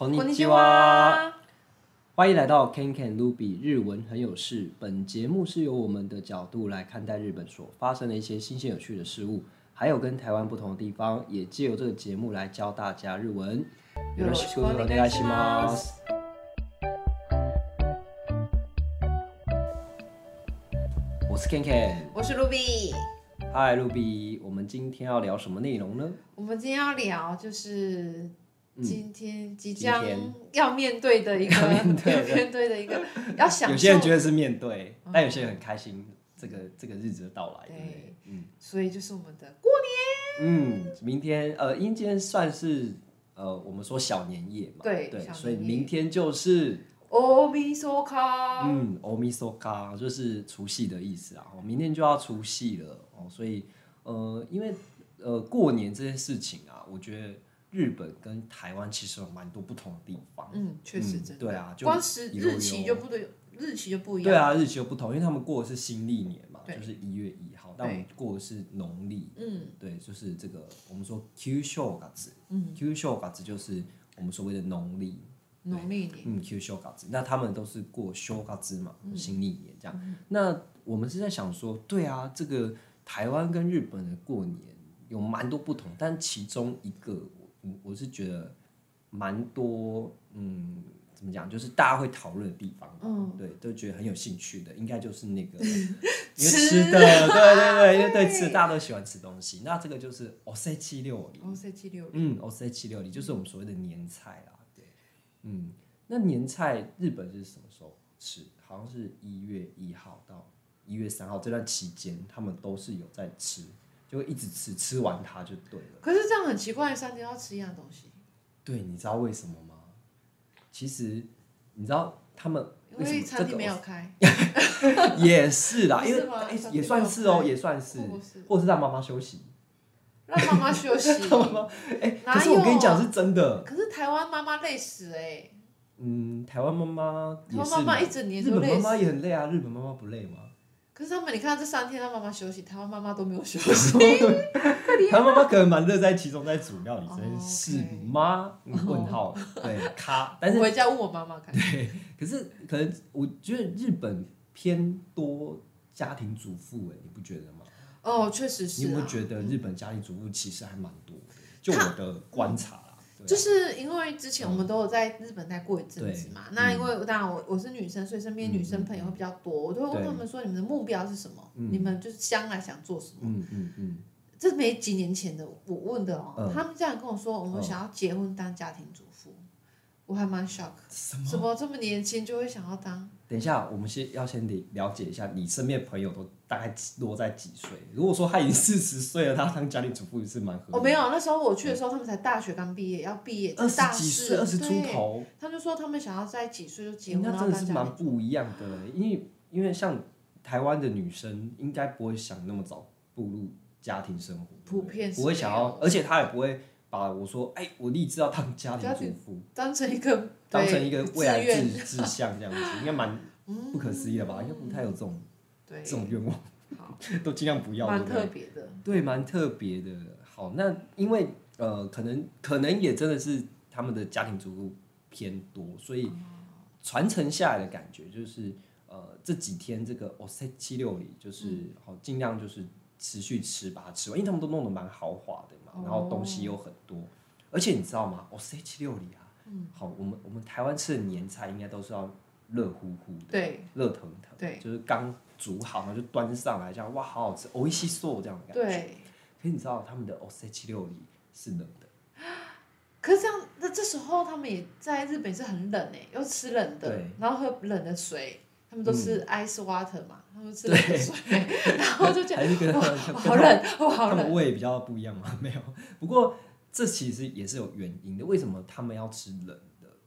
こんにちは，歡迎來到 KenKen Ruby 日文很有事。本節目是由我們的角度來看待日本所發生的一些新鮮有趣的事物，還有跟台灣不同的地方，也借由這個節目來教大家日文。よろしくお願いします。我是 KenKen，我是 Ruby。嗨，Ruby，我們今天要聊什麼內容呢？我們今天要聊就是。今天即將要，要， 要面對的一個要面對的一個，要享受，有些人覺得是面對，Okay. 但有些人很開心這個這個日子的到來。對對嗯，所以就是我們的過年。嗯，明天呃，因為今天算是呃，我們說小年夜嘛。對對，對所以明天就是。哦咪嗦卡，嗯，哦咪嗦卡就是除夕的意思啊。哦，明天就要除夕了哦，所以呃，因為呃，過年這件事情啊，我覺得。日本跟台灣其實有蠻多不同的地方，嗯，確實，對啊，就日期就不對，日期就不一樣，對啊，日期就不同，因為他們過的是新曆年嘛，就是一月一號，但我們過的是農曆，嗯，對，就是這個我們說 Q Shogatsu 嗯，Q Shogatsu 就是我們所謂的農曆，農曆年，嗯，Q Shogatsu 那他們都是過 Shogatsu 嘛，新曆年這樣，那我們是在想說，對啊，這個台灣跟日本的過年有蠻多不同，但其中一個。我我是覺得蠻多，嗯，怎麼講，就是大家會討論的地方，嗯，對，都覺得很有興趣的，應該就是那個 吃的，吃了對對對，因為對吃大家都喜歡吃東西，對那這個就是おせち料理，おせち料理，嗯，おせち料理就是我們所謂的年菜啦，對，嗯，那年菜日本是什麼時候吃？好像是一月一號到一月三號這段期間，他們都是有在吃。就一直吃，吃完它就對了。可是這樣很奇怪，三天要吃一樣東西。對，你知道為什麼嗎？其實，你知道他們為什麼因為餐廳沒有開？這都 也是啦，是因為、欸、也算是哦、喔，也算是，或是讓媽媽休息，讓媽媽休息，哎。 欸、有可是我跟你講是真的。可是台灣媽媽累死哎、欸。嗯，台灣媽媽，台灣媽媽一整年都累。日本媽媽也很累啊，日本媽媽不累嗎？可是他們，你看到這三天他媽媽休息，他媽媽都沒有休息。 他媽媽可能蠻樂在其中，在煮料理真是媽問號。Oh. 對，他，但是 我回家問我媽媽看。對，可是可能我覺得日本偏多家庭主婦，欸、你不覺得嗎？哦，確實是啊。你有沒有覺得日本家庭主婦其實還蠻多，就我的觀察。 啊、就是因為之前我們都有在日本待過一陣子嘛，哦、那因為當然我、嗯、我是女生，所以身邊女生朋友會比較多，我都會問他們說你們的目標是什麼？嗯、你們就是將來想做什麼？嗯嗯、嗯、這沒幾年前的我問的哦，呃、他們這樣跟我說，我們想要結婚當家庭主婦，呃、我還蠻 shock，什麼？什麼這麼年輕就會想要當？等一下，我們先要先得了解一下你身邊的朋友都。大概落在幾歲？如果說他已經四十歲了，他當家庭主婦也是蠻合理的。我沒有那時候我去的時候，他們才大學剛畢業，要畢業二十幾歲，二十出頭。他就說他們想要在幾歲就結婚。那真的是蠻不一樣的，因為因為像台灣的女生應該不會想那麼早步入家庭生活，普遍不會想要，而且她也不會把我說哎，我立志要當家庭主婦，當成一個當成一個未來志志向這樣子，應該蠻不可思議的吧？應該不太有這種。這種願望都盡量不要對不對？蠻特別的。對，蠻特別的。好，那因為呃，可能可能也真的是他們的家庭主婦偏多，所以傳承下來的感覺就是，呃，這幾天這個おせち料理就是、嗯、好，盡量就是持續吃把它吃完，因為他們都弄得蠻豪華的嘛，然後東西又很多，哦、而且你知道嗎？おせち料理啊，嗯、好，我們我們台灣吃的年菜應該都是要。熱乎乎的，對，熱騰騰，對就是剛煮好，然後就端上來，這樣哇，好好吃，美味しそう這樣的感覺。對，可是你知道他們的おせち料理是冷的，可是這樣，那這時候他們也在日本是很冷呢？欸，又吃冷的，對然後喝冷的水，他們都吃 ice water 嘛，嗯、他們吃冷的水，對然後就覺得 還是好冷，好冷，他們胃比較不一樣嗎？沒有，不過這其實也是有原因的，為什麼他們要吃冷的？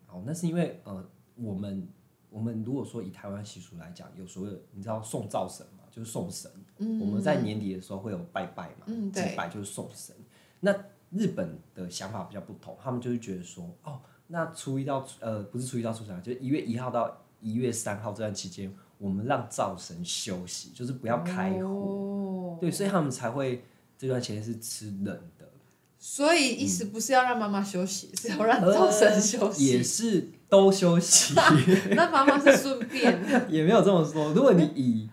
哦，那是因為呃，我們。我們如果說以台灣習俗來講，有時候你知道送灶神嘛，就是送神。嗯、我們在年底的時候會有拜拜嘛，拜拜、嗯、就是送神。那日本的想法比較不同，他們就是覺得說，哦，那初一到呃不是初一到初三，就是一月一號到一月三號這段期間，我們讓灶神休息，就是不要開火。哦、對，所以他們才會這段時間是吃冷的。所以意思不是要讓媽媽休息，嗯、是要讓灶神休息。嗯、也是。都休息， 那媽媽是順便，也沒有這麼說。如果你以，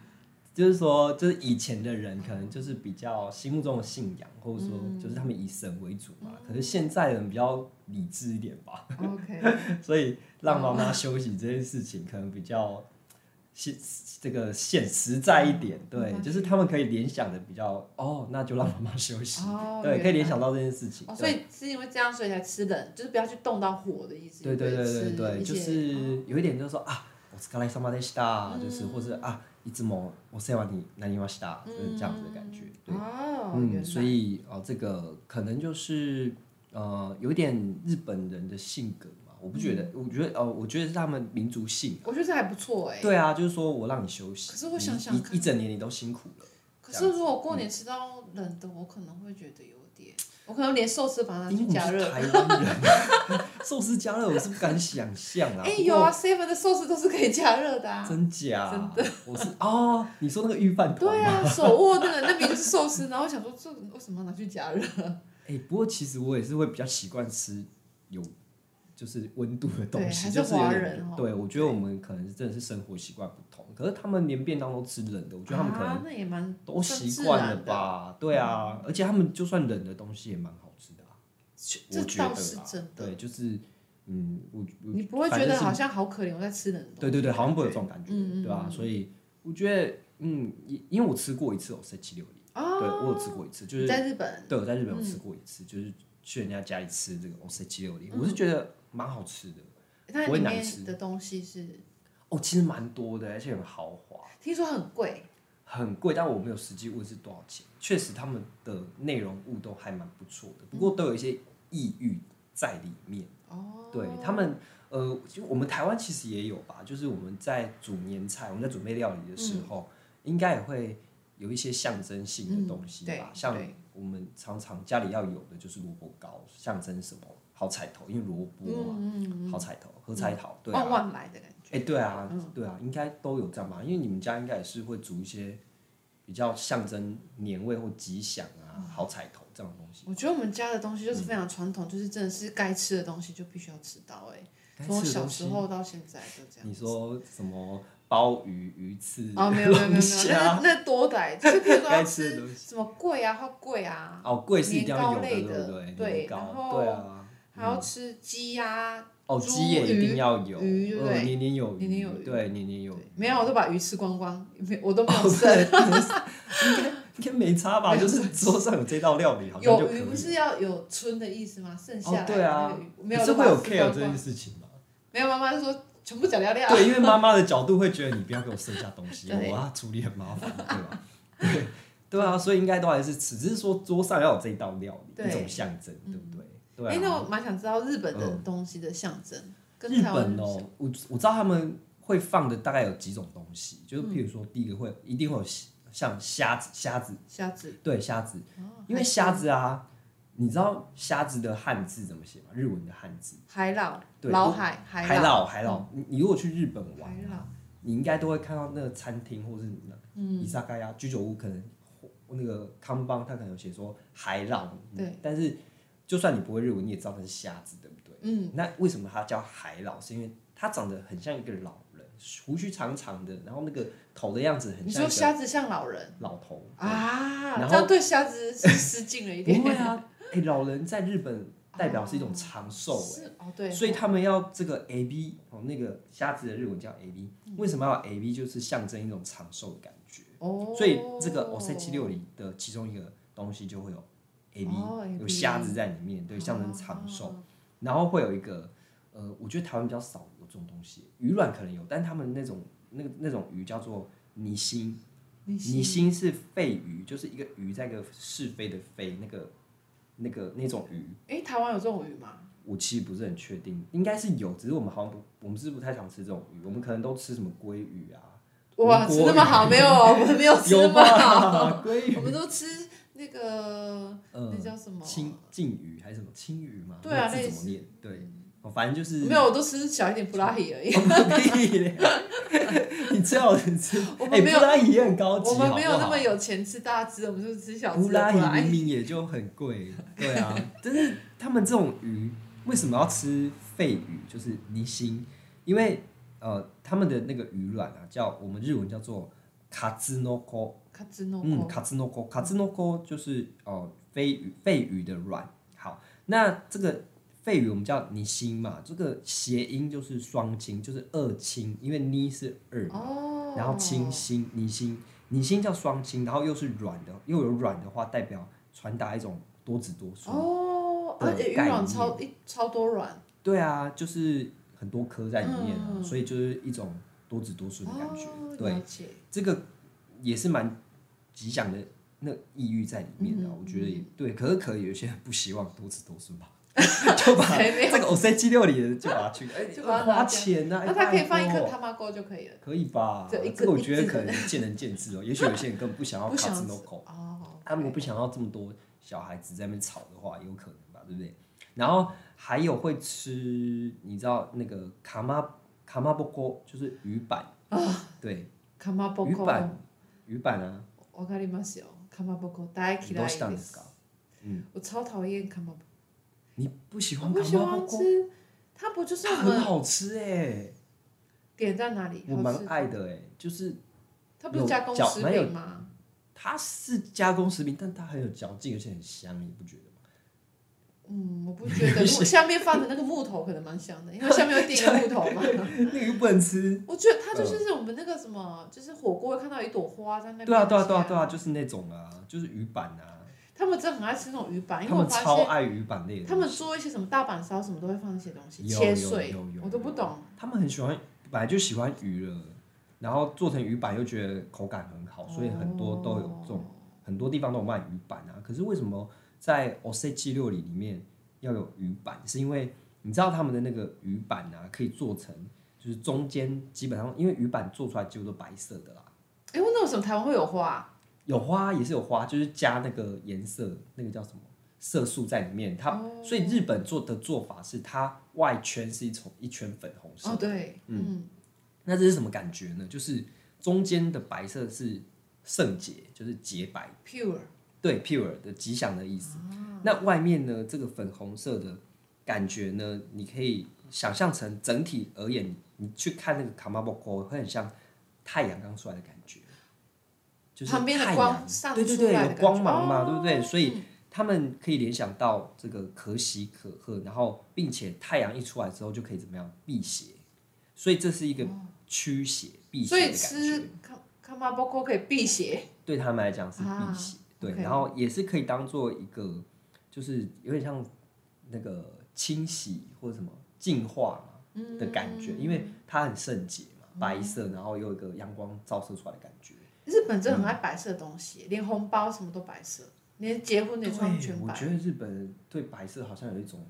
就是說，就是以前的人，可能就是比較心目中的信仰，或者說，就是他們以神為主嘛。嗯、可是現在的人比較理智一點吧。Okay, 所以讓媽媽休息這件事情，可能比較。現這個現實在一點，對，Okay. 就是他們可以聯想的比較哦，那就讓媽媽休息，嗯、對，來可以聯想到這件事情、哦，所以是因為這樣，所以才吃冷，就是不要去動到火的意思。對對，對對對對對，就是有一點就是說啊，お疲れ様でした，就是或者啊，いつもお世話になりました，就是這樣子的感覺，對，哦、嗯，來所以哦，這個可能就是呃，有一點日本人的性格。我不覺得，我覺得哦，我覺得是他們民族性。我覺得這還不錯哎。對啊，就是說我讓你休息。可是我想想，一整年你都辛苦了。可是如果過年吃到冷的，我可能會覺得有點。我可能連壽司反而拿去加熱。台灣人壽司加熱，我是不敢想象啊。哎，有啊，Seven 的壽司都是可以加熱的啊。真假？真的。我是哦，你說那個御飯糰。對啊，手握那個，那邊就是壽司，然後我想說這為什麼要拿去加熱？哎，不過其實我也是會比較習慣吃有。就是溫度的東西，就是對，我覺得我們可能真的是生活習慣不同，可是他們連便當都吃冷的，我覺得他們可能也蠻都習慣了吧。對啊，而且他們就算冷的東西也蠻好吃的啊，這倒是真的。對，就是嗯，我你不會覺得好像好可憐我在吃冷的？對對對，好像不會有這種感覺，對吧？所以我覺得，嗯，因為我吃過一次おせち料理對，我有吃過一次，就是在日本，對，我在日本有吃過一次，就是去人家家裡吃這個おせち料理我是覺得。蠻好吃的，的不會難吃的東西是哦，其實蠻多的，而且很豪華。聽說很貴，很貴，但我沒有實際問是多少錢？確實他們的內容物都還蠻不錯的，不過都有一些異域在裡面哦。嗯、對他們，呃，就我們台灣其實也有吧，就是我們在煮年菜，我們在準備料理的時候，嗯、應該也會有一些象徵性的東西吧，嗯、對對，像我們常常家裡要有的就是蘿蔔糕，象徵什麼？好彩頭，因為蘿蔔嘛，好彩頭，好彩頭，對啊，萬萬來的感覺。哎，對啊，對啊，應該都有這樣吧？因為你們家應該也是會煮一些比較象徵年味或吉祥啊、好彩頭這樣的東西。我覺得我們家的東西就是非常傳統，就是真的是該吃的東西就必須要吃到。哎，從小時候到現在就這樣。你說什麼鮑魚、魚翅？哦，沒有沒有沒有，那那多歹，該吃的東西什麼貴啊？花貴啊？哦，貴是一定要有的，對不對？對，然然後吃雞鴨哦，雞也一定要有，魚對年年有餘。沒有，我都把魚吃光光，沒我都沒有剩。應該應該沒差吧？就是桌上有這道料理，好像就可以了。有魚不是要有春的意思嗎？剩下對啊，沒有就會有 care 這件事情嗎？沒有，媽媽說全部講料對，因為媽媽的角度會覺得你不要給我剩下東西，我啊處理很麻煩，對吧？對啊，所以應該都還是吃，只是說桌上要有這道料理一種象徵，對不對？哎，那我蠻想知道日本的東西的象徵。日本哦，我我知道他們會放的大概有幾種東西，就是譬如說第一個會一定會有像蝦子，蝦子，蝦子，對，蝦子，因為蝦子啊，你知道蝦子的漢字怎麼寫嗎？日文的漢字海老，對，海海海老，海老。你如果去日本玩，你應該都會看到那個餐廳或是什麼，嗯，伊薩嘎呀居酒屋，可能那個康邦他可能有寫說海老，對，但是。就算你不會日文，你也知道它是蝦子，對不對？嗯、那為什麼他叫海老？是因為他長得很像一個老人，鬍鬚長長的，然後那個頭的樣子很像一個。你說蝦子像老人？老頭對啊。然後對蝦子是失敬了一點。 不會、啊欸、老人在日本代表是一種長壽、欸哦，哦對。所以他們要這個えび哦，那個蝦子的日文叫えび，、嗯、為什麼要えび？就是象徵一種長壽的感覺。哦。所以這個おせち料理的其中一個東西就會有。A B、oh, A 有蝦子在裡面，對，象徵長壽。Oh. 然後會有一個呃，我覺得台灣比較少有這種東西，魚卵可能有，但他們那種那個那種魚叫做ニシン，ニシン是鯡魚，就是一個魚在一個是非的非那個那個那種魚。哎、欸，台灣有這種魚嗎？我其實不是很確定，應該是有，只是我們好像不，我們是不太常吃這種魚，我們可能都吃什麼鮭魚啊。哇，魚魚吃那麼好，沒有，我們沒有吃嘛，鮭魚，我們都吃。那個那、呃、叫什麼青靖魚還是什麼青魚嗎？對啊，那字怎麼念？是對，哦，反正就是沒有，我都吃小一點布拉魚而已。 你最好吃，哎，欸、布拉魚也很高級好不好，我們沒有那麼有錢吃大隻，我們就吃小隻。布拉魚明明也就很貴，對啊。 但是他們這種魚為什麼要吃鯡魚？就是泥心，因為呃他們的那個魚卵啊，叫我們日文叫做卡茲諾科。卡茲諾哥，嗯，卡茲諾哥，卡茲諾就是哦，鯡、呃、魚，鯡魚的卵。好，那這個鯡魚我們叫泥心嘛，這個諧音就是雙親，就是二親，因為泥是二，哦、然後親新，泥心，泥心叫雙親，然後又是卵的，又有卵的話，代表傳達一種多子多孫哦，而且魚卵超，一、超多卵，對啊，就是很多顆在裡面，啊嗯、所以就是一種多子多孫的感覺。哦、對，了解，這個也是蠻。吉祥的那寓意在裡面的，我覺得也對。可是可有些人不希望多子多孫吧？就把這個おせち料理就把它拿錢啊，那它可以放一顆卡馬鍋就可以了，可以吧？對一個，這個我覺得可能見仁見智哦。也許有些人根本不想要かずのこ啊，我不想要這麼多小孩子在那邊吵的話，有可能吧？對不對？然後還有會吃，你知道那個卡馬かまぼこ就是魚板啊，對，魚板魚板啊。我、嗯、我超討厭。你不喜歡卡麻包？我不喜歡吃。它不就是很好吃哎、欸？點在哪裡？我蠻愛的哎、欸，是就是它不是加工食品嗎？它是加工食品嗎？它是加工食品，但它很有嚼勁，而且很香，你不覺得？嗯，我不覺得。如果下面放的那個木頭可能蠻香的，因為下面有頂個木頭嘛。 那魚不能吃。我覺得它就，就是我們那個什麼，就是火鍋會看到一朵花在那邊。對啊，對啊對啊對啊對啊，就是那種啊，就是魚板啊。他們真的很愛吃那種魚板，因為我他們超愛魚板類的。他們做一些什麼大板燒什麼都會放一些東西，切碎，我都不懂。他們很喜歡，本來就喜歡魚了，然後做成魚板又覺得口感很好，所以很多都有這種，哦、很多地方都有賣魚板啊。可是為什麼？在おせち料理裡面，要有魚板，是因為你知道他們的那個魚板啊，可以做成就是中間基本上，因為魚板做出來幾乎都白色的啦。哎、欸，那為什麼台灣會有花？有花也是有花，就是加那個顏色，那個叫什麼色素在裡面。它、oh. 所以日本做的做法是，它外圈是一層一圈粉紅色的。哦，oh, 對，嗯，嗯，那這是什麼感覺呢？就是中間的白色是聖潔，就是潔白 pure。對，pure 的吉祥的意思。那外面呢，這個粉紅色的感覺呢，你可以想象成整體而言，你去看那個卡 a m a 會很像太陽剛出來的感覺，就是太陽，對對對，有光芒嘛，對不對？所以他們可以聯想到這個可喜可賀，然後並且太陽一出來之後就可以怎麼樣辟邪，所以這是一個驅邪避邪的感覺。卡卡 m a b 可以辟邪，對他們來講是辟邪。啊對，然後也是可以當做一個，就是有點像那個清洗，或者什麼淨化嘛的感覺，因為它很聖潔嘛，白色，然後又有一個陽光照射出來的感覺。日本真的很愛白色的東西，連紅包什麼都白色，連結婚也穿全白，對，我覺得日本人對白色好像有一種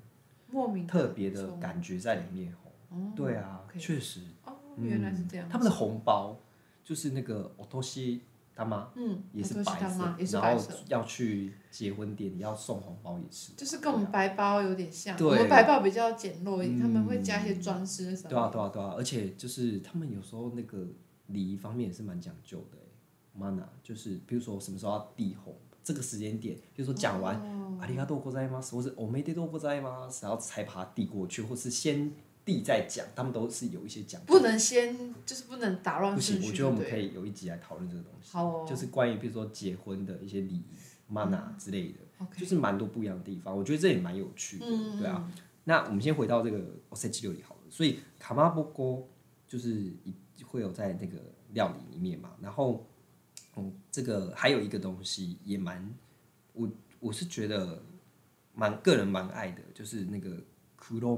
莫名特別的感覺在裡面。哦，對啊，確實，原來是這樣。他們的紅包就是那個お年玉。他媽，媽也是白色，然後要去結婚典禮要送紅包一次，就是跟我們白包有點像，我們白包比較簡陋，他、嗯、們會加一些裝飾什麼。對啊，對啊，對啊，而且就是他們有時候那個禮儀方面也是蠻講究的マナー就是比如說什麼時候要遞紅，這個時間點，比如說講完ありがとうございます，或是おめでとうございます，然後才把它遞過去，或是先。在講，他們都是有一些講，不能先就是不能打亂不行，我覺得我們可以有一集來討論這個東西，對就是關於比如說結婚的一些禮儀、マナー之類的，Okay 就是蠻多不一樣的地方。我覺得這也蠻有趣的，嗯、對啊。那我們先回到這個おせち料理好了。所以かまぼこ就是會有在那個料理裡面嘛。然後，嗯、這個還有一個東西也蠻我我是覺得蠻個人蠻愛的，就是那個 kuro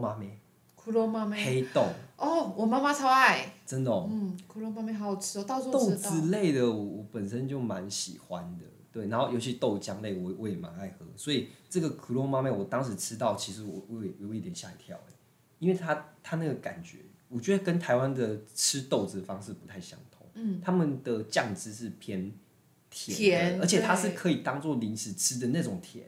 くろまめ，黑豆哦，豆 oh, 我媽媽超愛，真的，哦，嗯，くろまめ好好吃哦，豆子類的，我，我本身就蠻喜歡的，對，然後尤其豆漿類，我我也蠻愛喝，所以這個くろまめ，我當時吃到，其實我我也有一點嚇一跳，因為它它那個感覺，我覺得跟台灣的吃豆子的方式不太相同，嗯，他們的醬汁是偏甜，甜而且它是可以當做零食吃的那種甜，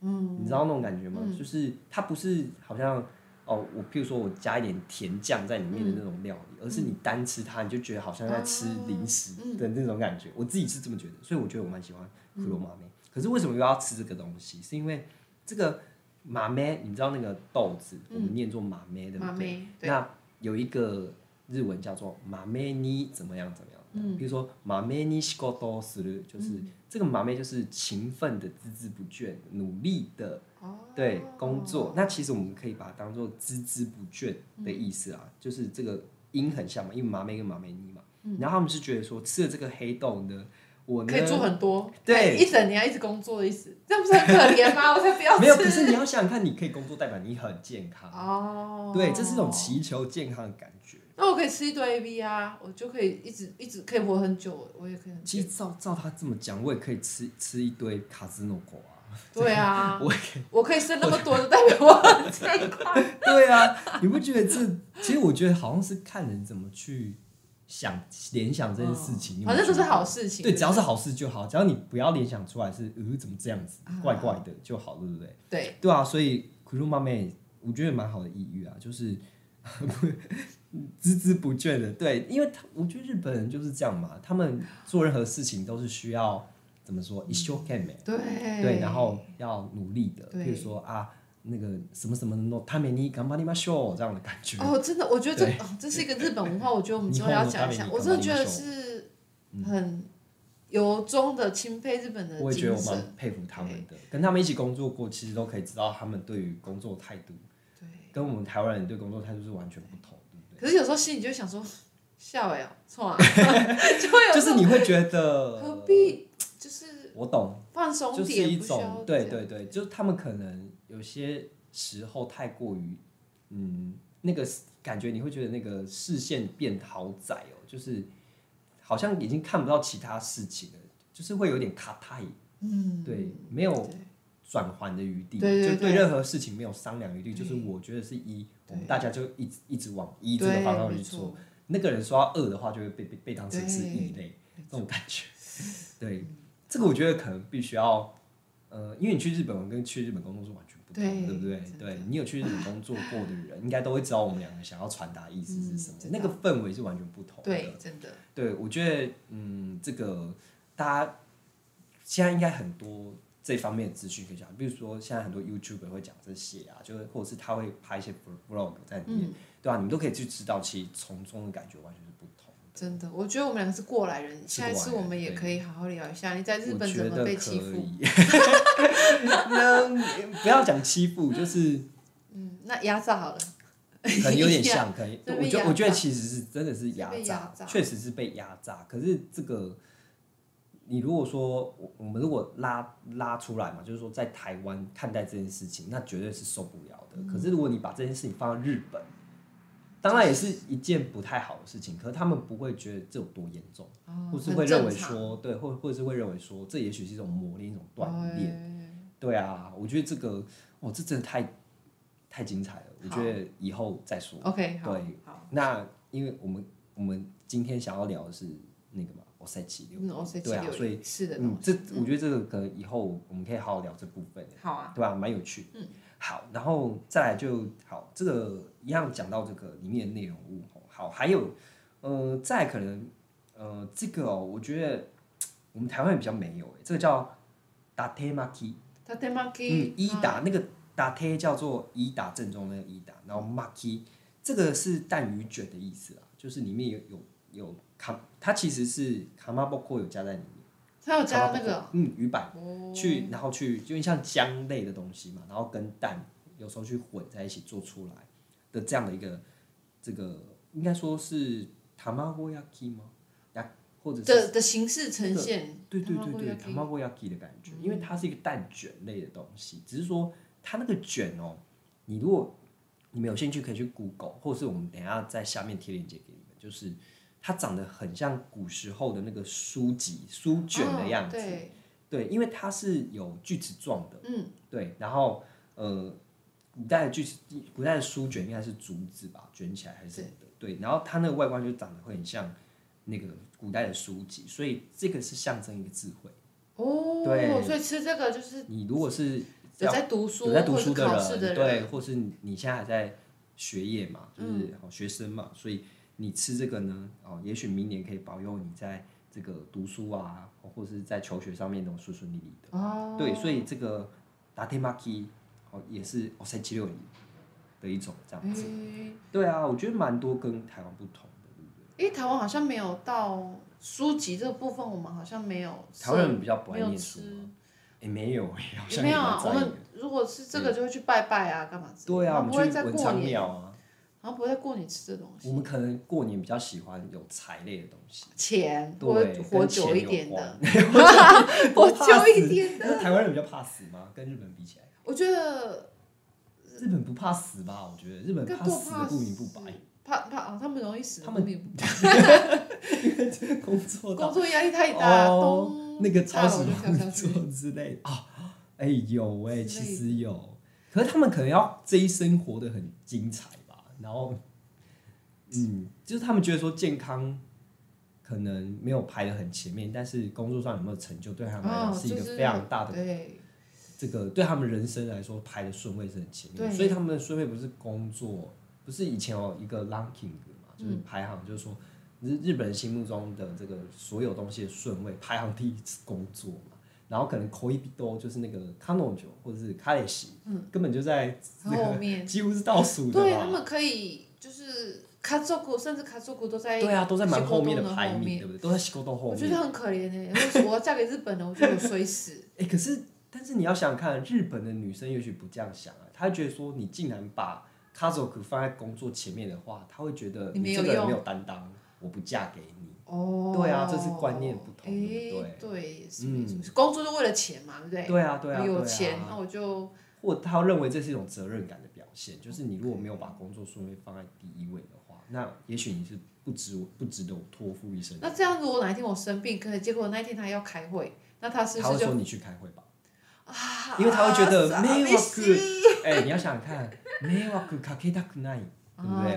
嗯，你知道那種感覺嗎？嗯、就是它不是好像。哦，我譬如說我加一點甜醬在裡面的那種料理，嗯、而是你單吃它，你就覺得好像在吃零食的那種感覺。嗯嗯、我自己是這麼覺得，所以我覺得我蠻喜歡克羅馬梅。可是為什麼又要吃這個東西？是因為這個馬梅，你知道那個豆子，嗯、我們念做馬梅的梅。那有一個日文叫做馬梅尼怎麼樣？怎麼樣的？嗯、比如說馬梅尼シゴ多する，就是這個馬梅就是勤奮的、孜孜不倦的、努力的。哦、對工作，那其實我們可以把它當做孜孜不倦的意思啊，嗯、就是這個音很像嘛，因為麻梅跟麻梅尼嘛，嗯、然後他們是覺得說吃了這個黑豆呢，我呢可以做很多，對，一整年要一直工作的意思，這樣不是很可憐嗎？ 我才不要，沒有，可是你要想想看，你可以工作，代表你很健康哦，對，這是一種祈求健康的感覺。那我可以吃一堆 A B 啊，我就可以一直一直可以活很久，我也可以很。其實照照他這麼講，我也可以吃吃一堆卡斯諾果啊。對啊，我我可以剩那麼多，就代表我健康。對啊，你不覺得這？其實我覺得好像是看人怎麼去想聯想這件事情。反正都是好事情。對，只要是好事就好。只要你不要聯想出來是，怎麼這樣子，怪怪的就好對不對？對。對啊，所以可露媽 o 我覺得蠻好的抑鬱啊，就是孜孜不倦的。對，因為他我覺得日本人就是這樣嘛，他們做任何事情都是需要。怎麼說？一生懸命，對，對，然後要努力的，比如說啊，那個什麼什麼のために頑張りましょう，這樣的感覺。哦，真的，我覺得這這是一個日本文化，我覺得我們今後要講一下。我真的覺得是很由衷的欽佩日本的精神，我蠻佩服他們的。跟他們一起工作過，其實都可以知道他們對於工作態度，對，跟我們台灣人對工作態度是完全不同，對不對？可是有時候心裡就想說，笑哎，錯啊，就會就是你會覺得何必。我懂，放鬆點，就是一種對對對，就是他們可能有些時候太過於，嗯，那個感覺你會覺得那個視線變好窄哦，就是好像已經看不到其他事情了，就是會有點卡太，嗯，對，沒有轉圜的餘地，就對任何事情沒有商量餘地，就是我覺得是一，我們大家就一直一直往一這個方向去說，那個人說他二的話就會被被被當成是異類，這種感覺，對。這個我覺得可能必須要，呃，因為你去日本跟去日本工作是完全不同，對，對不對？的對，你有去日本工作過的人， 應該都會知道我們兩個想要傳達意思是什麼，嗯、那個氛圍是完全不同的。對，真的。對，我覺得，嗯，這個大家現在應該很多這方面的資訊可以講，比如說現在很多 YouTuber 會講這些啊，就是或者是他會拍一些 vlog 在裡面，嗯、對吧、啊？你們都可以去知道，其實從中的感覺完全是。真的，我覺得我們兩個是過來人，下一次我們也可以好好聊一下你在日本怎麼被欺負。能不要講欺負，就是嗯，那壓榨好了，可能有點像，一下，可能我覺得我覺得其實是真的是壓榨，確實是被壓榨。可是這個，你如果說我我們如果拉拉出來嘛，就是說在台灣看待這件事情，那絕對是受不了的。嗯。可是如果你把這件事情放在日本。當然也是一件不太好的事情，可是他們不會覺得這有多嚴重，或是會認為說對，或或者是會認為說這也許是一種磨練、一種鍛鍊。對啊，我覺得這個，哦，這真的太太精彩了。我覺得以後再說。OK，對，好，那因為我們我們今天想要聊的是那個嘛，おせち料理，おせち料理對啊，所以是的，嗯，這我覺得這個可能以後我們可以好好聊這部分。好啊，對吧？蠻有趣，好，然後再來就好，這個一樣講到這個裡面的內容物。好，還有，呃，再可能，呃，這個哦，我覺得我們台灣比較沒有誒，這個叫だてまき、だてまき伊達、嗯、那個だて叫做伊達正宗的、那個、伊達，然後 maki 這個是蛋魚卷的意思啊，就是裡面有有有卡，它其實是かまぼこ有加在裡面。他有加那個嗯魚板、哦、去，然後去，因為像薑類的東西嘛，然後跟蛋有時候去混在一起做出來的這樣的一個這個應該說是 Tamagoyaki 嗎？呀，或者是的的形式呈現？那個、對對對對 Tamagoyaki 的感覺，因為它是一個蛋卷類的東西，嗯、只是說它那個卷哦，你如果你沒有興趣可以去 Google，或者是我們等一下在下面貼鏈接給你們，就是。它長得很像古時候的那個書籍、書卷的樣子，哦、對，對，因為它是有鋸齒狀的，嗯，對。然後，呃，古代的鋸齒，古代的書卷應該是竹子吧，捲起來還是什麼的，是對。然後它那個外觀就長得會很像那個古代的書籍，所以這個是象徵一個智慧哦。對，所以吃這個就是你如果是要在讀書、有在讀書的人，的人對，或是你現在還在學業嘛，就是、嗯、學生嘛，所以。你吃這個呢，哦，也許明年可以保佑你在這個讀書啊，或者是在求學上面都順順利利的。哦、對，所以這個伊達巻き，哦，也是おせち料理的一種這樣子。欸、對啊，我覺得蠻多跟台灣不同的，對不對？誒、欸，台灣好像沒有到書籍這個部分，我們好像沒有。台灣人比較不愛念書。誒、欸，沒有誒，有、欸欸、沒有、啊？我們如果是這個，就會去拜拜啊，幹對嘛？對啊，我們不會在文昌廟啊然後不會在過年吃這東西。我們可能過年比較喜歡有財類的東西，錢，對活久一點的，活久一點的。那台灣人比較怕死嗎？跟日本比起來？我覺得日本不怕死吧？我覺得日本怕死的不明不白，怕怕哦，他們容易死。他們因為工作工作壓力太大，東那個超時的工作之類的啊，哎有哎，其實有，可是他們可能要這一生活得很精彩。然後，嗯，就是他們覺得說健康可能沒有排的很前面，但是工作上有沒有成就，對他們來講是一個非常大的，哦就是、這個對他們人生來說排的順位是很前面，對所以他們的順位不是工作，不是以前有一個 l a n k i n g 嘛，就是排行，嗯、就是說日日本人心目中的這個所有東西的順位排行第一次工作。然後可能 Koibito 就是那個 Kanojo 或者是 Kareshi 嗯，根本就在、那個、後面，幾乎是倒數的、欸。對，他們可以就是 Kazoku，甚至 Kazoku 都在，對啊，都在蠻後面的排名，對不對？都在 Shigoto 後面，我覺得很可憐呢、欸，如、就、果、是、我要嫁給日本人， 我覺得有衰死誒，可是，但是你要想想看，日本的女生也許不這樣想啊，她會覺得說你竟然把 Kazoku 放在工作前面的話，她會覺得你這個人沒有擔當，我不嫁給你。對啊，這是觀念不同，對對，也是工作是為了錢嘛，對不對？對啊，對啊，有錢那我就……我他認為這是一種責任感的表現，就是你如果沒有把工作順便放在第一位的話，那也許你是不值不值得我托付一生。那這樣子，我哪一天我生病，可是結果那一天他要開會，那他是說你去開會吧？因為他會覺得迷惑哎，你要想看，迷惑，かけたくない，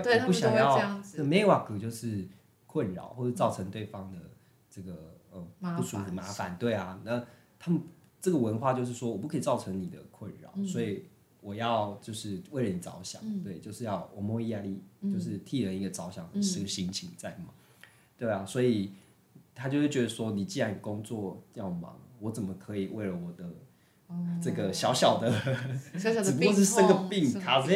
對不對？我不想要，迷惑就是。困擾或者造成對方的這個呃、嗯嗯、不舒服麻煩，麻煩對啊，那他們這個文化就是說我不可以造成你的困擾，嗯、所以我要就是為了你着想，嗯、對，就是要思いやり就是替人一個着想，是心情在嘛，嗯、對啊，所以他就會覺得說你既然工作要忙，我怎麼可以為了我的。嗯、這個小小的，小小的只不過是生個病，卡着，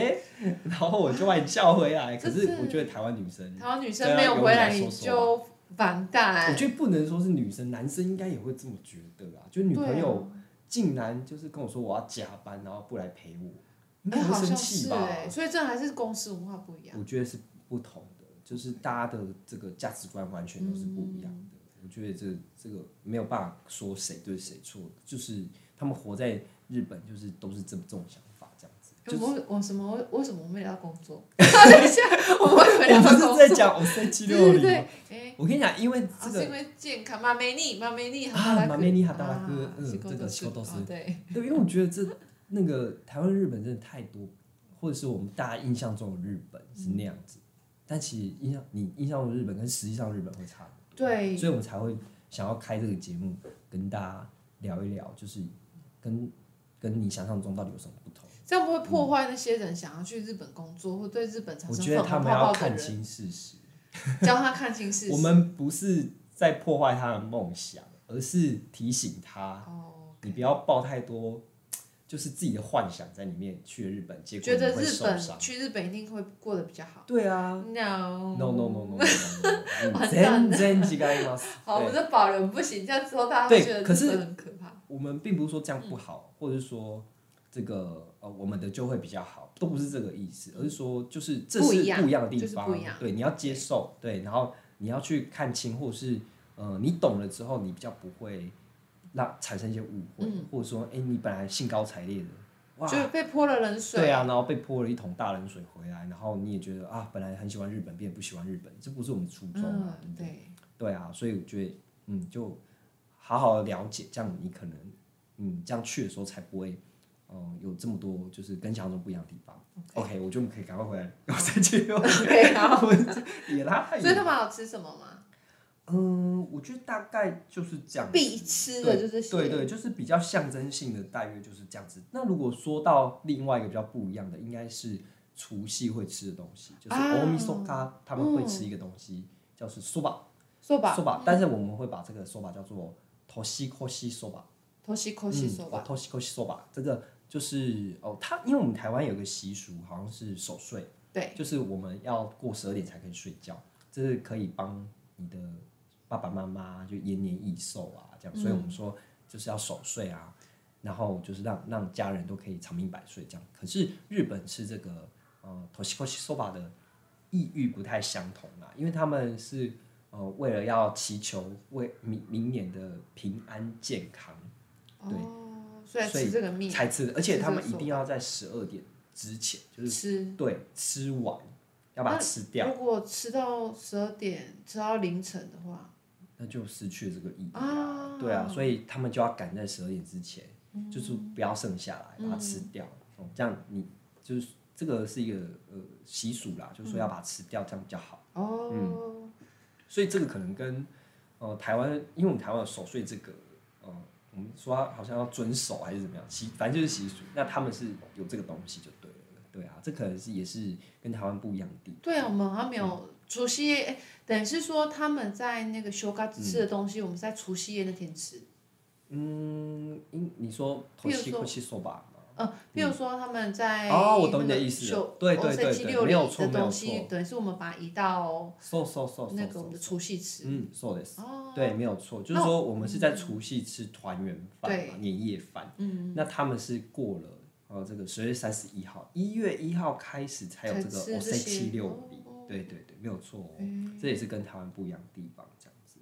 然後我就把你叫回來。是，可是我覺得台灣女生，台灣女生沒有回來說，說你就完蛋、欸。我覺得不能說是女生，男生應該也會這麼覺得啊。就女朋友竟然就是跟我說我要加班，然後不來陪我，你不生氣吧，吧、呃欸？所以這還是公司文化不一樣。我覺得是不同的，就是大家的這個價值觀完全都是不一樣的。嗯、我覺得這這個沒有辦法說誰對誰錯，就是。他們活在日本，就是都是這麼這種想法，這樣子。我什麼？為什麼我沒要工作？等一下，我不是在講，我在記錄而已。對對對。我跟你講，因為這個是因為健康，馬梅尼，馬梅尼，哈達哥，嗯，這個都是，對，因為我覺得這那個台灣日本真的太多，或者是我們大家印象中的日本是那樣子，但其實印象你印象中的日本跟實際上日本會差。對。所以我們才會想要開這個節目，跟大家聊一聊，就是。跟跟你想象中到底有什麼不同？這樣不會破壞那些人想要去日本工作，或對日本產生很們要看清事實，教他看清事實。我們不是在破壞他的夢想，而是提醒他，你不要抱太多，就是自己的幻想在裡面。去日本，結果覺得日本去日本一定會過得比較好。對啊，no no no no no no，完全幾個意好，我們得保留，不行，這樣之後他會覺得這個很可怕。我們並不是說這樣不好，嗯、或者是說這個呃我們的就會比較好，都不是這個意思，而是說就是這是不一樣的地方，就是、對，你要接受，對，對，然後你要去看清，或者是呃你懂了之後，你比較不會讓產生一些誤會，嗯、或者說哎、欸、你本來興高采烈的哇，就被潑了冷水，對啊，然後被潑了一桶大冷水回來，然後你也覺得啊本來很喜歡日本，變得不喜歡日本，這不是我們初衷啊，嗯、對對啊，所以我覺得嗯就。好好的了解，這樣你可能嗯，這樣去的時候才不會，嗯，有這麼多就是跟想象中不一樣的地方。OK，我就可以趕快回來，然後再去。對，所以他們好吃什麼嗎？嗯，我覺得大概就是這樣。必吃的，就是對對，就是比較象徵性的，大約就是這樣子。那如果說到另外一個比較不一樣的，應該是除夕會吃的東西，就是 Omisoka，他們會吃一個東西，叫做蘇吧，蘇吧，蘇但是我們會把這個蘇吧叫做。頭西口西嗦吧，頭西口西嗦吧，頭西口西嗦吧，這個就是哦，他因為我們台灣有個習俗，好像是守歲，對，就是我們要過十二點才可以睡覺，這，就是可以幫你的爸爸媽媽就延年益壽啊，這樣，所以我們說就是要守歲啊，嗯、然後就是讓讓家人都可以長命百歲這樣。可是日本是這個呃頭西口西嗦吧的意欲不太相同啊，因為他們是。呃、為了要祈求為明明年的平安健康，對，哦、所以吃這個麵才吃，而且他們一定要在十二點之前，就是吃，對，吃完要把它吃掉。啊、如果吃到十二點，吃到凌晨的話，那就失去了這個意義啊。對啊，所以他們就要趕在十二點之前，嗯、就是不要剩下來，把它吃掉。嗯嗯、這樣你就是這個是一個呃習俗啦，嗯、就是說要把它吃掉，這樣比較好。哦。嗯所以這個可能跟，呃，台灣，因為我們台灣有守歲這個，呃、我們說它好像要遵守還是怎麼樣，習反正就是習俗，那他們是有這個東西就對了，對啊，這可能是也是跟台灣不一樣的地方。對啊，對我們還沒有、嗯、除夕，哎、欸，等於是說他們在那個休假吃的東西，嗯、我們在除夕夜那天吃。嗯，你說偷雞摸狗說吧。呃，比如說他們在的秀，對對對對，沒有錯沒有錯。對是我們把它移到那個我們的除夕吃，嗯，對，沒有錯，就是說我們是在除夕吃團圓飯，年夜飯。那他們是過了這個十月三十一號，一月一號開始才有這個おせち料理，對對對，沒有錯，這也是跟台灣不一樣的地方，這樣子。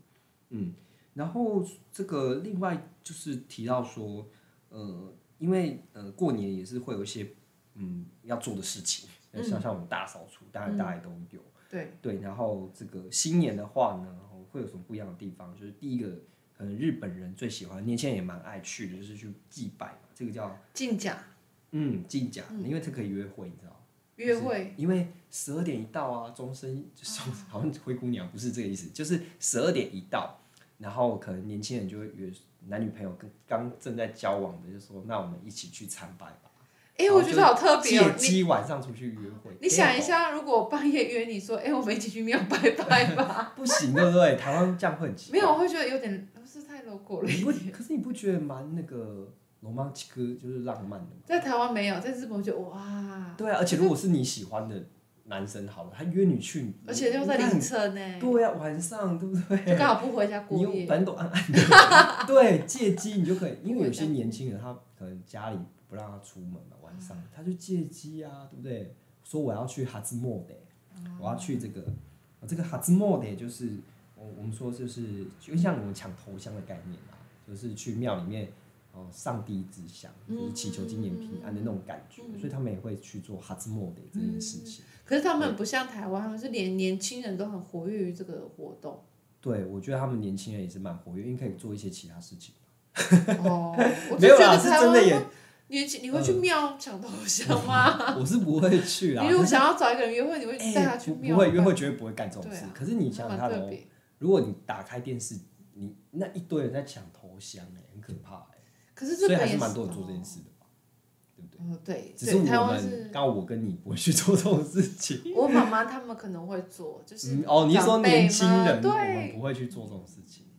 嗯，然後這個另外就是提到說，呃。因為呃，過年也是會有一些嗯要做的事情，像、嗯、像我們大掃除，當然大大家都有。嗯、對對，然後這個新年的話呢，會有什麼不一樣的地方？就是第一個，可能日本人最喜歡，年輕人也蠻愛去的，就是去祭拜嘛。這個叫神社，嗯，神社，嗯、因為它可以約會，你知道嗎？約會。因為十二點一到啊，鐘聲就好像灰姑娘，啊、不是這個意思，就是十二點一到。然後可能年輕人就會約男女朋友跟剛正在交往的，就說：“那我們一起去參拜吧。欸”哎、欸，我覺得好特別哦，借機晚上出去約會。你想一下，如果半夜約你說：“哎、欸，我們一起去廟拜拜吧。” 不行，對不對？台灣這樣會很奇怪。沒有，我會覺得有點不是太 local 了。可是你不覺得蠻那個 romantic 就是浪漫的嗎？在台灣沒有，在日本我覺得哇。對啊，而且如果是你喜歡的。男生好了，他約你去，而且就在凌晨呢。對呀、啊，晚上對不對？就剛好不回家過夜，都暗暗的。 對，借機你就可以，因為有些年輕人他可能家裡不讓他出門嘛，晚上、嗯、他就借機啊，對不對？說我要去初詣，ode, 啊、我要去這個，這個初詣就是我我們說就是，就像我們搶頭香的概念啊，就是去廟裡面。哦，上帝之就是祈求今年平安的那種感覺，嗯、所以他們也會去做哈茲莫的這件事情。嗯、可是他們不像台灣，對他們是連年輕人都很活躍於這個活動。對，我覺得他們年輕人也是蠻活躍，因為可以做一些其他事情。哦，我覺得沒有啦，是真的也年輕，你會去廟搶頭香嗎、嗯？我是不會去啊。如果想要找一個人約會，你會帶他去廟？不會約會，絕對不會幹這種事。啊、可是你想他的，如果你打開電視，你那一堆人在搶頭香，很可怕、欸可是是所以還是蠻多人做這件事的吧，對不對、嗯、對，只是我們剛我跟你不會去做這種事情。我爸媽他們可能會做，就是、嗯、哦，你說年輕人，我們不會去做這種事情。對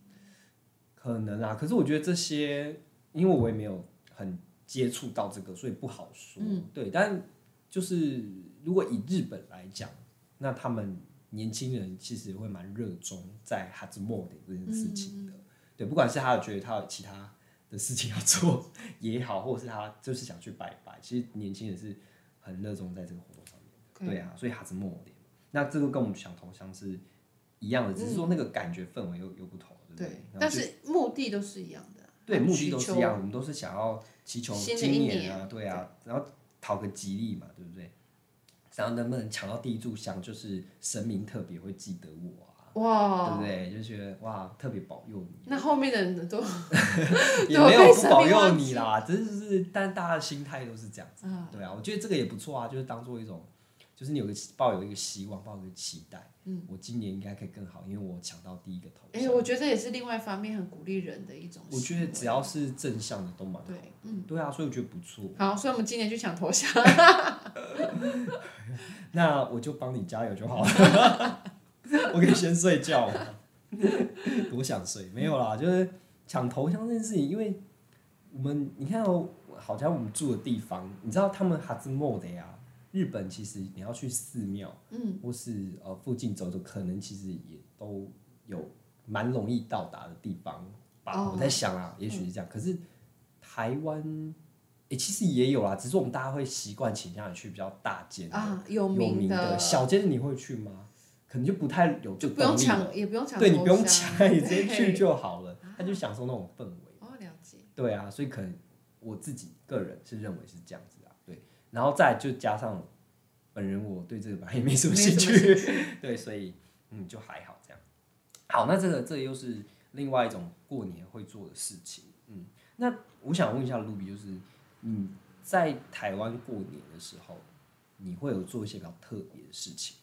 可能啊，可是我覺得這些，因為我也沒有很接觸到這個，所以不好說。嗯、對，但就是如果以日本來講，那他們年輕人其實也會蠻熱衷在 has m o r 這件事情的。嗯嗯對，不管是他有覺得他有其他。的事情要做也好，或者是他就是想去拜拜。其實年輕人是很熱衷在這個活動上面的，嗯、對啊，所以他是默的。那這個跟我們搶頭香是一樣的，嗯、只是說那個感覺氛圍又又不同，嗯、對不對？但是目的都是一樣的。對，目的都是一樣的，我們都是想要祈求今年啊，對啊，然後討個吉利嘛，對不對？然後能不能搶到第一炷香，就是神明特別會記得我。啊。哇，wow, 對不對？就覺得哇，特別保佑你。那後面的人都 也沒有不保佑你啦， 真是是，但大家的心態都是這樣子。啊對啊，我覺得這個也不錯啊，就是當做一種，就是你有個抱有一個希望，抱有一個期待。嗯，我今年應該可以更好，因為我搶到第一個頭像。哎、欸，我覺得也是另外一方面很鼓勵人的一種。我覺得只要是正向的都蠻好的。對,嗯、對啊，所以我覺得不錯。好，所以我們今年就搶頭像。 那我就幫你加油就好了。 我可以先睡覺嗎？ 多想睡，沒有啦，就是搶頭像這件事情，因為我們你看哦，好像我們住的地方，你知道他們哈茲莫的呀。日本其實你要去寺廟，嗯，或是呃附近走走，可能其實也都有蠻容易到達的地方吧。哦、我在想啊，也許是這樣。可是台灣，哎、嗯，其實也有啦，只是我們大家會習慣請假去比較大間的啊有名、的有名的，小間你會去嗎？可能就不太有，就不用搶，也不用搶，對你不用搶，你直接去就好了。嘿他就享受那種氛圍。哦、啊，了解。對啊，所以可能我自己個人是認為是這樣子啊。對，然後再就加上本人我對這個本來也沒什麼興趣，興趣 對，所以嗯就還好這樣。好，那這個這又是另外一種過年會做的事情。嗯，那我想問一下露比，就是你在台灣過年的時候，你會有做一些比較特別的事情？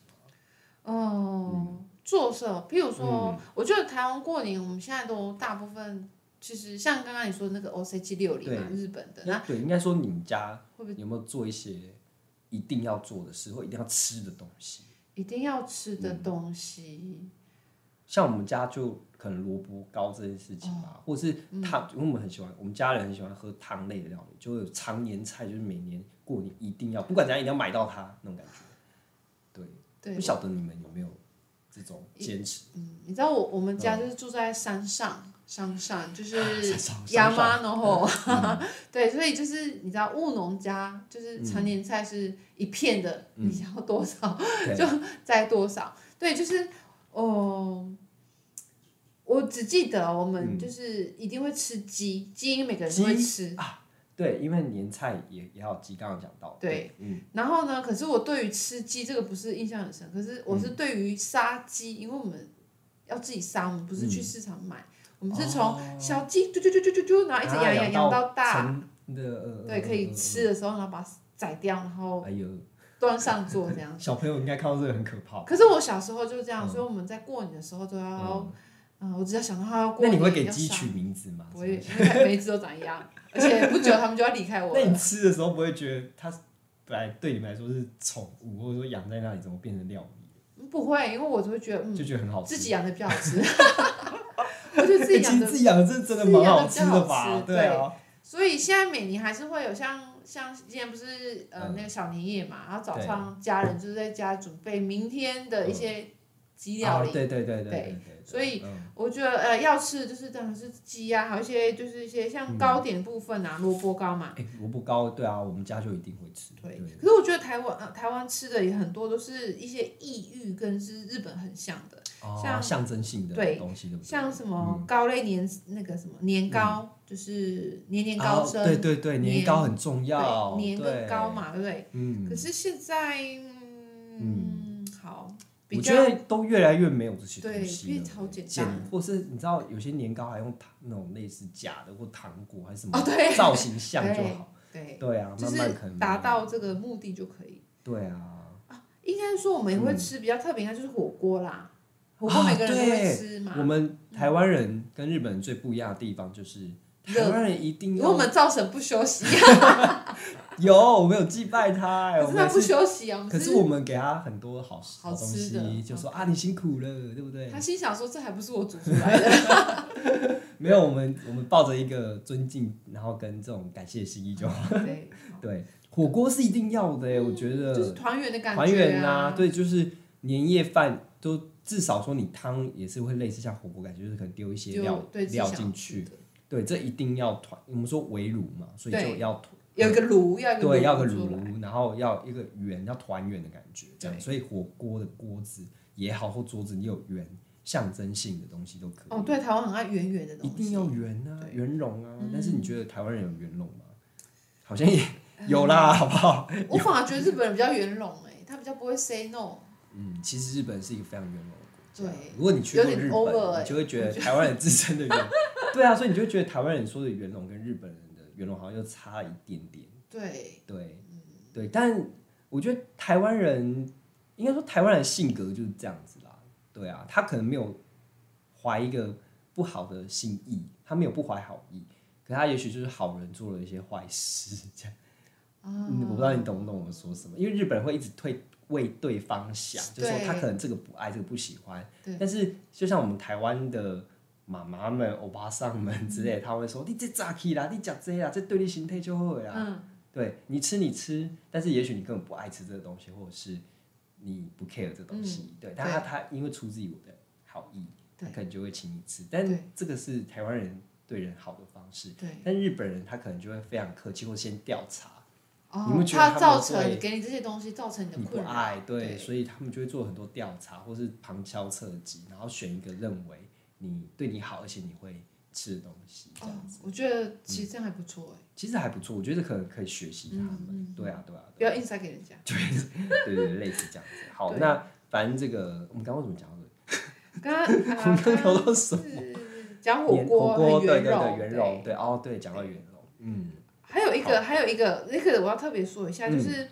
哦，做色，oh, 嗯，譬如說，嗯、我覺得台灣過年，我們現在都大部分其實像剛剛你說的那個 O C G 料理嘛，對日本的對，應該說你們家會不會有沒有做一些一定要做的事？或一定要吃的東西？一定要吃的東西，嗯、像我們家就可能蘿蔔糕這件事情吧，啊，哦、或者是湯，嗯、因為我們很喜歡，我們家人很喜歡喝湯類的料理，就是長年菜，就是每年過年一定要，不管怎樣一定要買到它那種感覺。對不曉得你們有沒有這種堅持？嗯，你知道我我們家就是住在山上，山上就是山。媽，然後對，所以就是你知道務農家就是長年菜是一片的，嗯、你想要多少、嗯、就摘多少。okay. 對，就是哦、呃，我只記得我們就是一定會吃雞，雞每個人都會吃。對，因為年菜也也有雞，剛剛講到。對，嗯、然後呢？可是我對於吃雞這個不是印象很深，可是我是對於殺雞，嗯、因為我們要自己殺，我們不是去市場買，嗯、我們是從小雞丟丢丢丢丢丢，然後一直養養養到大。的呃、對，可以吃的時候，然後把宰掉，然後端上桌這樣。哎、呦 小朋友應該看到這個很可怕。可是我小時候就這樣，嗯、所以我們在過年的時候都要。嗯嗯，我只要想到它要過，那你會給雞取名字嗎？不會每一只都長一樣，而且不久他們就要離開我。那你吃的時候不會覺得它本來對你們來說是寵物，或者說養在那裡怎麼變成料理？不會，因為我只會覺得，嗯，就覺得很好吃，自己養的比較好吃。哈哈哈哈哈，而且自己養的自己養的這真的比較好吃。對，所以現在每年還是會有像像今天不是呃那個小年夜嘛，然後早上家人就是在家準備明天的一些。雞料理，對對對對，所以我覺得呃，要吃就是當然是雞啊，還有一些就是一些像糕點部分啊，蘿蔔糕嘛。蘿蔔糕，對啊，我們家就一定會吃。對，可是我覺得台灣，台灣吃的也很多，都是一些異域，跟是日本很像的，像象徵性的對東西，是不是？像什麼糕類年那個什麼年糕，就是年年高升，對對對，年糕很重要，年個糕嘛，對不對？嗯。可是現在，嗯。我覺得都越來越沒有這些東西了，簡或是你知道有些年糕還用糖那種類似假的或糖果還是什麼，造型像就好，對，慢慢可能達到這個目的就可以。對啊，應該說我們也會吃比較特別的，就是火鍋啦。火鍋每個人都會吃嘛。我們台灣人跟日本人最不一樣的地方就是，台灣人一定因我們造神不休息。有，我們有祭拜他。可是他不休息啊！可是我們給他很多好、好東西，就說啊，你辛苦了，對不對？他心想說，這還不是我煮出來的。沒有，我們我們抱着一個尊敬，然後跟這種感謝心意就好。對，火鍋是一定要的，我覺得。就是團圓的感覺。團圓啊，對，就是年夜飯都至少說，你湯也是會類似像火鍋感覺，就是可能丟一些料料進去。對，這一定要團。我們說圍爐嘛，所以就要。有一個爐，要對，要個爐，然後要一個圓，要團圓的感覺，這樣。所以火鍋的鍋子也好，或桌子，你有圓象徵性的東西都可以。哦，對，台灣很愛圓圓的東西，一定要圓啊，圓融啊。但是你覺得台灣人有圓融嗎？好像也有啦，好不好？我反而覺得日本人比較圓融，哎，他比較不會 say no。嗯，其實日本是一個非常圓融的國家。對，如果你去過日本，你就會覺得台灣人自身的圓。對啊，所以你就覺得台灣人說的圓融跟日本人。原來好像又差了一點點。對對、嗯、對，但我覺得台灣人，應該說台灣人的性格就是這樣子啦。對啊，他可能沒有懷一個不好的心意，他沒有不懷好意，可他也許就是好人做了一些壞事這樣、嗯嗯。我不知道你懂不懂我們說什麼，因為日本人會一直推為對方想，對就是說他可能這個不愛，這個不喜歡。對但是就像我們台灣的。媽媽們、歐巴上門之類，嗯、他會說：“你這咋去啦？你吃這呀？這對你身體就好了。嗯」對，你吃你吃，但是也許你根本不愛吃這個東西，或者是你不 care 這個東西。嗯、對，但他對他因為出自於我的好意，對他可能就會請你吃。但這個是台灣人對人好的方式。對，但日本人他可能就會非常客氣，或先調查。哦、你們覺得他造成給你這些東西，造成你的不愛？對，對所以他們就會做很多調查，或是旁敲側擊，然後選一個認為。你對你好，而且你會吃東西這樣子，哦、我覺得其實這樣還不錯，欸嗯、其實還不錯，我覺得可可以學習他們。嗯、對啊，對啊，啊、不要硬塞給人家。對，對對類似這樣子。 好，對那反正這個我們剛剛怎麼講的？剛剛我們剛聊到什麼？講火鍋，很圓融，對對對，圓融。對，對哦，對，講到圓融。嗯，還有一個，的還有一個，那、這個我要特別說一下，就是、嗯。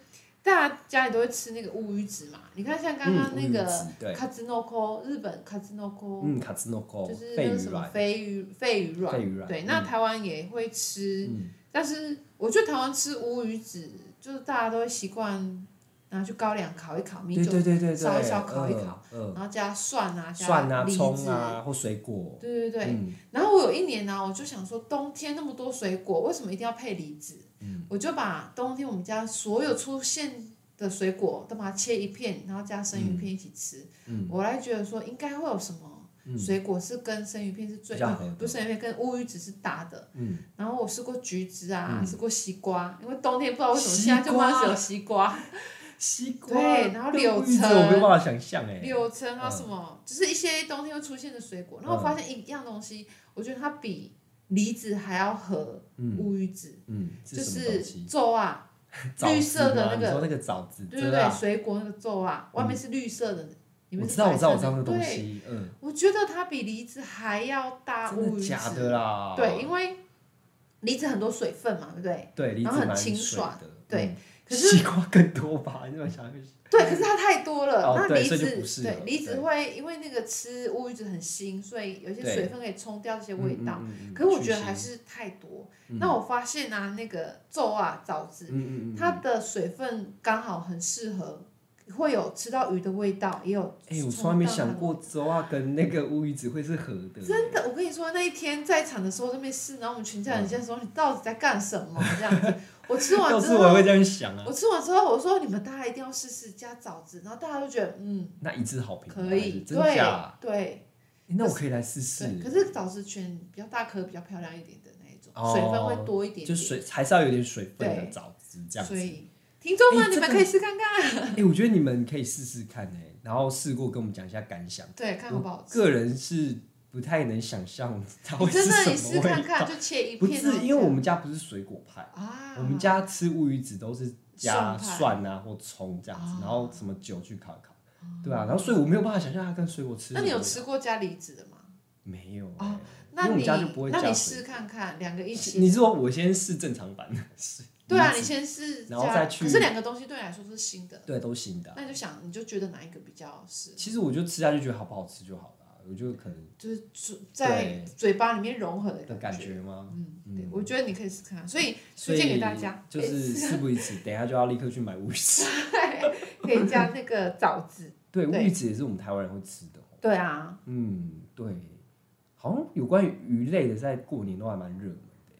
大家家裡都會吃那個烏魚子嘛？你看像剛剛那個卡茲諾克，日本卡茲諾克，嗯，卡茲諾克就是那個什麼鯡魚、鯡魚卵，對。那台灣也會吃，但是我覺得台灣吃烏魚子，就是大家都會習慣拿去高粱烤一烤，米酒對對對，燒一燒烤一烤，然後加蒜啊、加梨子啊或水果，對對對。然後我有一年呢，我就想說，冬天那麼多水果，為什麼一定要配梨子？我就把冬天我們家所有出現的水果都把它切一片，然後加生魚片一起吃。我來覺得說應該會有什麼水果是跟生魚片是最，不是生魚片跟烏魚子是搭的。然後我試過橘子啊，試過西瓜，因為冬天不知道為什麼現在就只有西瓜。西瓜，對，然後柳橙我沒辦法想象耶，柳橙啊什麼，就是一些冬天會出現的水果。然後我發現一樣東西，我覺得它比。梨子還要和烏魚子，就是粥啊，綠色的那個，那個棗子，對對對。水果那個粥啊，外面是綠色的，你們知道，我知我知那個東西，我覺得它比梨子還要大，烏魚子，對，因為梨子很多水分嘛，對不對？然後很清爽，對。西瓜更多吧，你想是。對，可是它太多了，那梨子，對，梨子會因為那個吃烏魚子很腥，所以有些水分可以沖掉這些味道。可是我覺得還是太多。那我發現啊，那個棗、啊，棗子，它的水分剛好很適合，會有吃到魚的味道，也有。哎，我從來沒想過棗啊跟那個烏魚子會是合的。真的，我跟你說，那一天在場的時候都沒試，然後我們全家人都說你到底在幹什麼這樣子。我吃完之後，我吃完之後，我說你們大家一定要試試加棗子，然後大家就覺得嗯，那一致好評可以，真的假的？對，那我可以來試試。可是棗子選比較大顆、比較漂亮一點的那種，水分會多一點，就水還是要有點水分的棗子這樣。所以聽眾們，你們可以試看看。哎，我覺得你們可以試試看哎，然後試過跟我們講一下感想。對，看好不好吃？個人是。不太能想象它會是什麼味道，你試看看，就切一片。不是，因為我們家不是水果派啊。我們家吃烏魚子都是加蒜啊或蔥這樣子，然後什麼酒去烤烤，對吧？然後所以我沒有辦法想象它跟水果吃。那你有吃過加梨子的嗎？沒有，那那你試看看，兩個一起。你說我先試正常版的，對啊，你先試，然後再去。可是兩個東西對你來說是新的，對，都新的。那你就想，你就覺得哪一個比較是？其實我就吃下去，覺得好不好吃就好了。我就可能就是在嘴巴裡面融合的感覺嗎？嗯，對，我覺得你可以試看，所以推薦給大家。就是事不宜遲，等下就要立刻去買烏魚。對，可以加那個棗子。對，烏魚子也是我們台灣人會吃的。對啊，嗯，對，好像有關於魚類的，在過年都還蠻熱門的，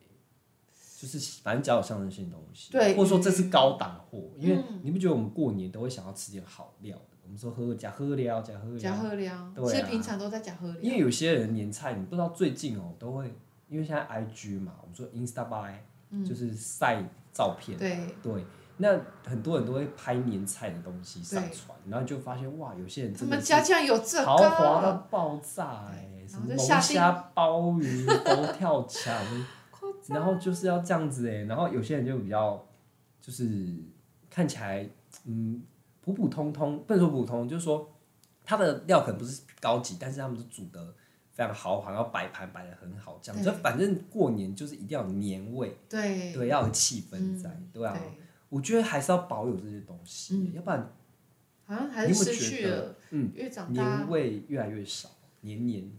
就是反正只要有象徵性東西，對，或者說這是高檔貨，因為你不覺得我們過年都會想要吃點好料的？我們說喝喝料，吃喝料，吃喝料，其實、啊、平常都在吃喝料。因為有些人年菜，你不知道最近哦，都會因為現在 I G 嘛，我們說 Instagram，、嗯、就是曬照片。對，對，那很多人都會拍年菜的東西上傳，對然後就發現哇，有些人怎麼、欸、家境有這豪華到爆炸哎，什麼龍蝦、定鮑魚、佛跳牆， 炸然後就是要這樣子哎、欸，然後有些人就比較就是看起來嗯。普普通通，不能說普普通，就是說，他的料可能不是高級，但是他們煮的非常豪華，然後擺盤擺的很好，這樣子。反正過年就是一定要有年味，對，要有氣氛在，對啊。我覺得還是要保有這些東西，要不然好像還是失去了。嗯，越長大年味越來越少，年年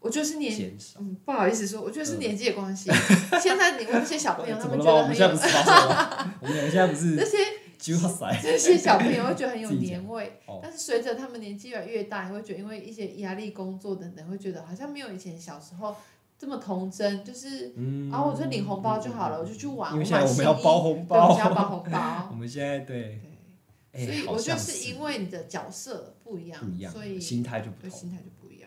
我就是年減少。不好意思說，我覺得是年紀的關係。現在你們這些小朋友，他們覺得好像不是吧？我們倆現在不是那些。這些小朋友會覺得很有年味，但是隨着他們年紀越來越大，你會覺得因為一些壓力、工作等等，會覺得好像沒有以前小時候這麼童真，就是，啊，我就領紅包就好了，我就去玩，我買新衣，對，要包紅包。我們現在對。所以我覺得是因為你的角色不一樣，所以心態就不同，心態就不一樣。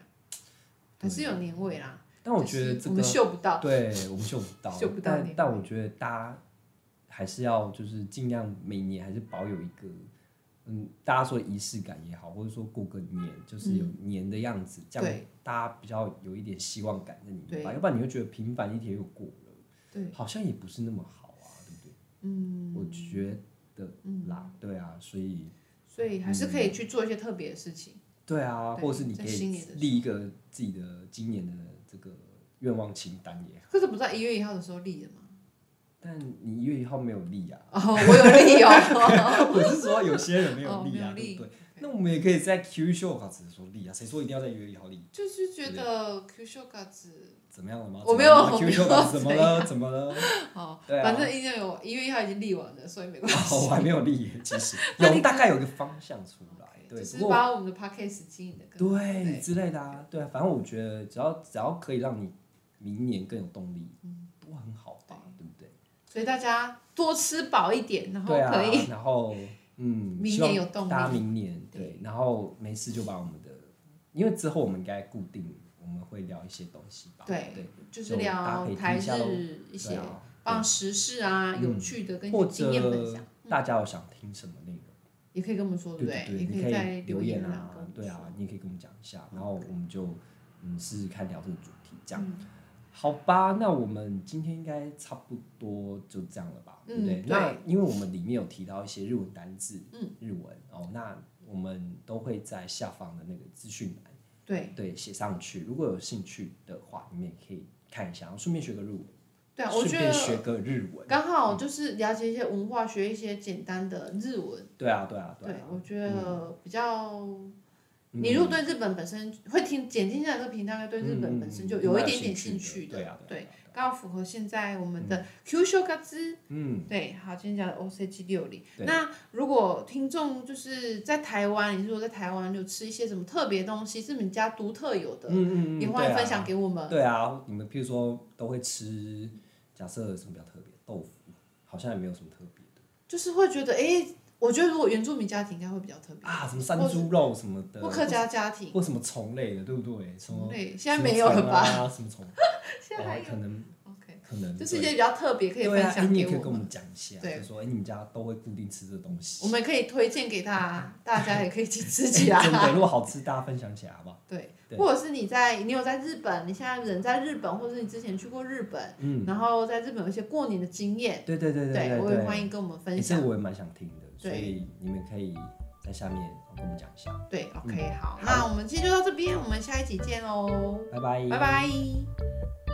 還是有年味啦，但我覺得我們嗅不到，對，我們嗅不到，嗅不到。但但我覺得大家還是要就是盡量每年還是保有一個，嗯，大家說儀式感也好，或者說過個年，就是有年的樣子，嗯、這樣大家比較有一點希望感在裡面吧，對要不然你會覺得平凡一天又過了，對好像也不是那麼好啊，對不對？嗯，我覺得，嗯啦，嗯對啊，所以，所以還是可以去做一些特別的事情，對啊，對或者是你可以立一個自己的今年的這個願望清單也好，可是不在一月一號的時候立的嗎？但你一月一號沒有立啊？哦，我有立哦。我是說有些人沒有立啊，對不對？那我們也可以在 Qshow card 上說立啊，誰說一定要在一月一號立？就是覺得 Qshow card 怎麼樣了嗎？我沒有 Qshow card 怎麼了？怎麼了？好，對啊，反正一定要有一月一號已經立完了，所以沒關係。我還沒有立，其實有大概有個方向出來，對，只是把我們的 podcast 經營的更好，對之類的啊，對啊，反正我覺得只要只要可以讓你明年更有動力，嗯，都很好。所以大家多吃飽一點，然後可以，然後嗯，明年有動力，大家明年對，然後沒事就把我們的，因為之後我們應該固定我們會聊一些東西吧，對對，就是聊台日一些幫時事啊，有趣的跟一些經驗分享，大家有想聽什麼內容，也可以跟我們說，對，也可以在留言啊，對啊，你也可以跟我們講一下，然後我們就嗯試試看聊這個主題這樣。好吧，那我們今天應該差不多就這樣了吧，嗯、對那因為我們裡面有提到一些日文單字，嗯、日文哦，那我們都會在下方的那個資訊欄，對對寫上去。如果有興趣的話，你們也可以看一下，然後順便學個日文，對啊，順便學個日文，剛好就是了解一些文化學，嗯、學一些簡單的日文對、啊。對啊，對啊，對啊。對，我覺得比較。嗯你如果對日本本身會聽，講今下的這個頻道，對日本本身就有一點點興趣的，對，剛好符合現在我們的 Q Show Guys，嗯，對，好，今天講的 O C G 料理。那如果聽眾就是在台灣，你如果在台灣有吃一些什麼特別東西，是你們家獨特有的，嗯嗯，也歡迎分享給我們。對啊，你們比如說都會吃，假設什麼比較特別，豆腐好像也沒有什麼特別的，就是會覺得哎、欸。我覺得如果原住民家庭應該會比較特別啊，什麼山豬肉什麼的，或客家家庭，或什麼蟲類的，對不對？蟲類現在沒有了吧？什麼蟲？現在還有可能 OK，可能，就是一些比較特別可以分享給我們。對啊，你也可以跟我們講一下，就說哎，你們家都會固定吃這東西。我們可以推薦給他，大家也可以去吃起來。如果好吃，大家分享起來好不好？對，或者是你在你有在日本，你現在人在日本，或者你之前去過日本，嗯，然後在日本有一些過年的經驗，對對對對，我也歡迎跟我們分享。其實我也蠻想聽。所以你們可以在下面跟我們講一下。對，嗯，OK，好，好，那我們今天就到這邊，我們下一期見哦，拜拜 bye，拜拜。